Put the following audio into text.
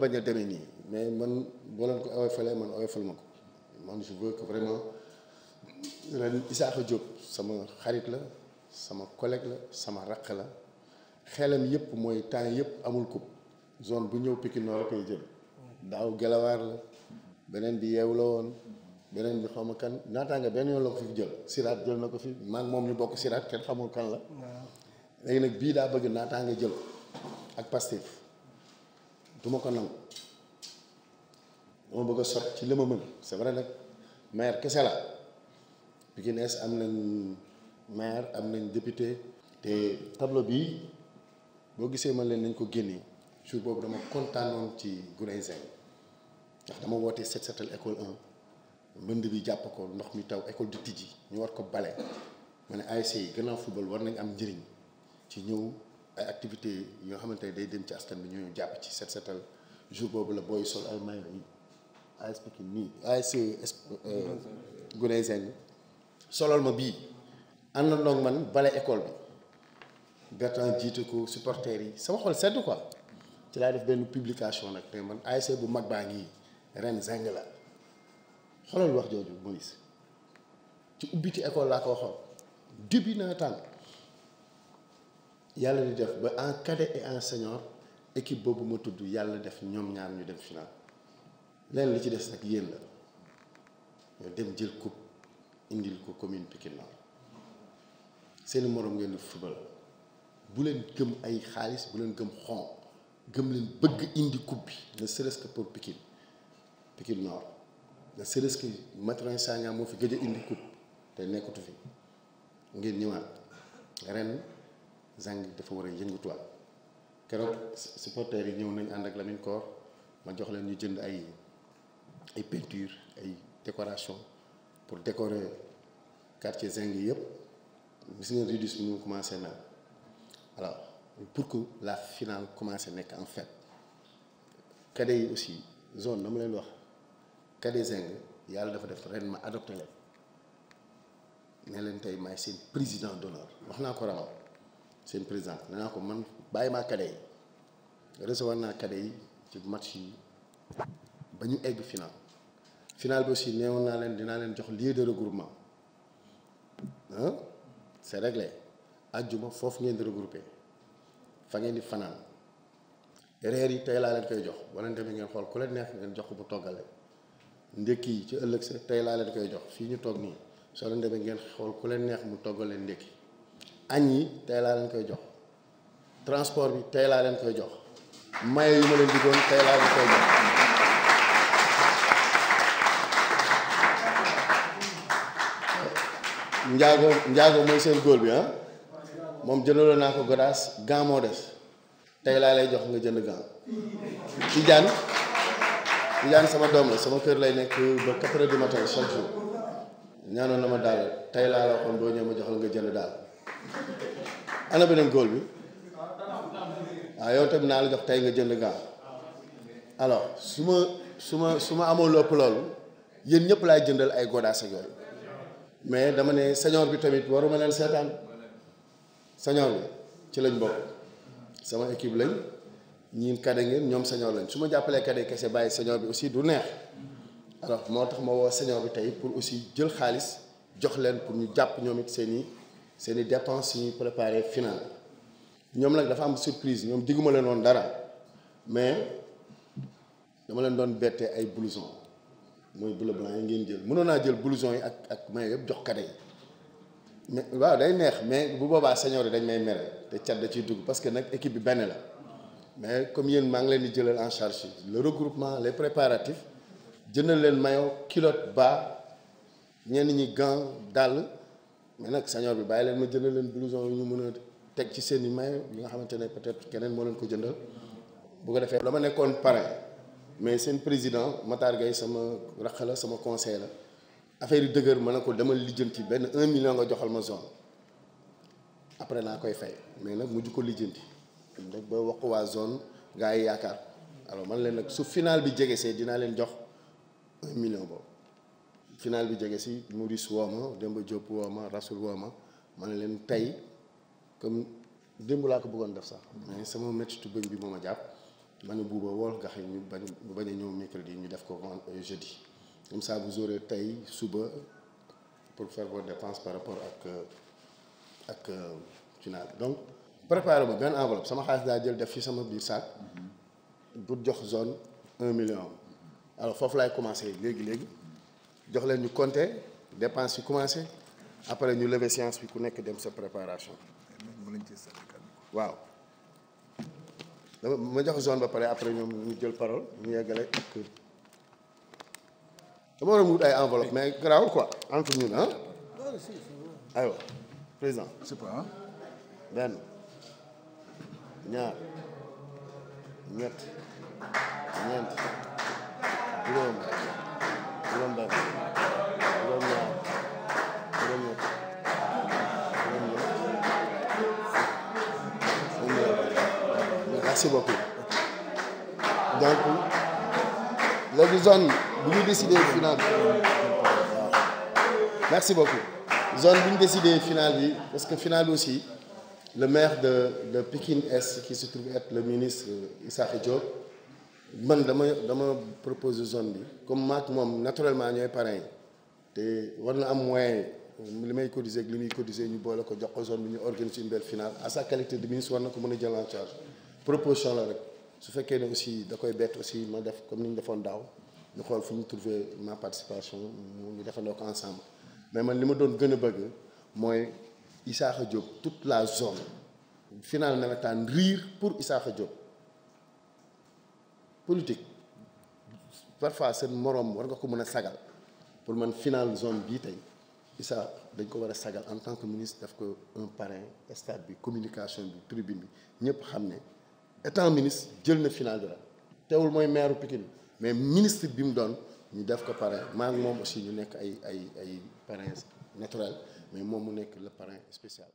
bañ a demee nii mais man boo leen ko oyofalee man oyofal ma ko man je veux que vraiment ren Issakha Diop sama xarit la sama collègue la sama raq la xelam yëpp mooy temps yëpp amul coupe zone bu ñëw Pikine Nord la koy jël daaw gelawaar la beneen bi yeew la woon beneen bi xaw ma kan naataanga benn yoon la ko fi jël siraat jël na ko fi man moom ñu bokk siraat kenn xamul kan la léegi nag bii daa bëgg naataanga jël ak Pastef du ma ko nangu moo bëgg a sot ci li ma mën c'est maire kese la Pikines am nañ maire am nañ député te tableau bi boo gisee man leen nañ ko génne jour boobu dama kontaanoon ci Goulin Sène ndax dama woote set setal école 1 mbënd bi jàpp ko ndox mi taw école di tijji ñu war ko bale ma ne ASC yi gannaaw football war nañ am njëriñ ci ñëw ay activité yi nga xamante ne day dem ci askan bi ñu jàpp ci set setal jour boobu la booy sol ay maillot yi AS Pikine nii AS euh, Guney Seng solal ma bii àndandoo ak man bale école bi Bertrand jiite ko supporters yi sama xol sedd quoi ci laa def benn publication nag te man ASC bu mag baa ngi ren zeng la xoolal wax jooju Moïse ci ubbiti école laa ko waxoon début nawetaan yàlla di def ba en cadet et en senior équipe boobu ma tudd yàlla def ñoom ñaar ñu dem final leen li ci des nag yéen la ñu dem jël coupe indil ko commune Pikine Nord seeni moroom ngeen di football bu leen gëm ay xaalis bu leen gëm xon gëm leen bëgg indi coupe bi ne serait-ce pour Pikine Pikine Nord ne serait-ce que Mathurin Sagna moo fi gëj a indi coupe te nekkatu fi ngeen ñëwaat ren Zeng dafa war a yëngatuwaat keroog supporters yi ñëw nañ ànd ak Lamine Koor ma jox leen ñu jënd ay ay peinture ay décoration pour décorer quartier Zeng yi yëpp gis ngeen réduce bi ñu commencé mel alors pour que la finale commencé nekk en fait cadets yi aussi zone dama leen wax cadets Zeng yàlla dafa def ren ma adopté leen ne leen tey maay seen président d'honneur wax naa ko ramal seen présidente nee naa ko man bàyyi maa cadets yi recevoir naa cadets yi ci match yi ba ñu egg final final bi aussi neewoon naa leen dinaa leen jox lii de regroupement ah regle réglé ajjuma foofu ngeen di regroupé fa ngeen di fanaan reer yi tey laa leen koy jox ba leen demee ngeen xool ku leen neex ngeen jox ko bu toggale ndékki yi ci ëllëg sa tey laa leen koy jox fii ñu toog nii soo leen demee ngeen xool ku leen neex mu toggalee ndékki añ yi tey laa leen koy jox transport bi tey laa leen koy jox maye yu ma leen diggoon tey laa leen koy jox njaago njaago mooy seen góol bi ah moom jëndaloo naa ko godaas gan moo des tey laa lay jox nga jënd gan Tidiane Tidiane sama doom la sama kër lay nekk ba quatre heures du matin ñaanoon na ma daal tey laa la waxoon boo ñëw ma joxal nga jënd daal ana beneen góol bi waaw ah, yow tamit naa la jox tey nga jënd gaaw alors su su ma su ma amoon lépp loolu yéen ñëpp laay jëndal ay godaas ak yooyu mais dama ne señor bi tamit waruma leen seetaan señor bi ci lañ bokk sama équipe lañ ñiin kade ngeen ñoom señor lañ su ma jàppalee kade kese bàyyi señor bi aussi du neex alors moo tax ma woo señor bi tey pour aussi jël xaalis jox leen pour ñu jàpp ñoom it seen i seen seeni dépense suñuy préparé final ñoom nag dafa am surprise ñoom digguma leen woon dara mais dama leen doon bette ay blouson mooy bleu blanc yi ngeen jël mënoon naa jël blouson yi ak ak may yëpp jox kade yi mais waaw day neex mais bu boobaa senior yi dañ may mere te cat da ciy dugg parce que nag équipe bi benn la mais comme yéen maa ngi leen di jëlal en charge le regroupement les préparatifs jëndal leen maillot culotte bas ñenn ñi gants dàll. mais nag sañoor bi bàyyi leen ma jëndal leen blouson yu ñu mën a teg ci seen i may nga xamante ne peut-être keneen moo leen ko jëndal bu ko defee dama nekkoon parrain mais seen président Matar Gueye sama rakk la sama conseil la affaire yi dëgër ma ne ko demal lijjanti benn un million nga joxal ma zone après naa koy fay mais nag mujj ko lijjanti nag ba wax waa zone gars yi yaakaar alors man leen nag su final bi jege see dinaa leen jox un million boobu final bi jege si Maurice wooma Demba Diop wooma Rasoul wooma ma ne leen tey comme démb laa ko bëggoon def sax mais sama méttitu bëñ bi moo ma jàpp ma ne buuba wool nga xam ñu bañ bañ a ñëw mercredi ñu def ko vend euh, jeudi comme ça vous tey suba pour faire vos dépenses par rapport ak euh, ak euh, final bi donc préparé ma benn enveloppe sama xaalis daa jël def fi sama biir saak bu jox zone un million alors foofu laay commencé léegi-léegi jox leen ñu compter dépense yi commencé après ñu leve séance bi ku nekk dem sa préparation. waaw. dama ma jox zone ba pare après ñoom ñu jël parole ñu yeggale ak. dama waroon wut ay enveloppe mais garaawul ko entre ñun ah. aywa président. c'est pas benn ñaar ñett ñeent juróom. Merci beaucoup. Donc, zone, vous nous décidez finale. Merci beaucoup. Zone, vous nous décidez finale, parce que final aussi, le maire de, de Pékin Est, qui se trouve être le ministre Issa Diop, man dama dama proposer zone bi comme maak moom naturellement ñooy parrain te war na am moyen li may cotiser ak li muy cotiser ñu boole ko jox ko zone bi ñu organiser une belle à sa qualité de ministre war na ko mën a jël en charge proposition la rek su fekkee ne aussi da koy bett aussi ma def comme ni ñu defoon daaw ñu xool fu ñu trouver ma participation ñu defandoo ko ensemble mais man li ma doon gën a bëgg mooy Issakha Diop toute la zone final nawetaan riir pour Issakha Diop politique parfois seen moroom war nga ko mën a sagal pour man final zone bii tey Issa dañ ko war a sagal en tant que ministre daf ko un parrain stade bi communication bi tribune bi ñëpp xam ne étant ministre jël na final dara teewul mooy maire Pikine mais ministre bi mu doon ñu def ko parrain maa moom aussi ñu nekk ay ay ay parrain naturel mais moom mu nekk le parrain spécial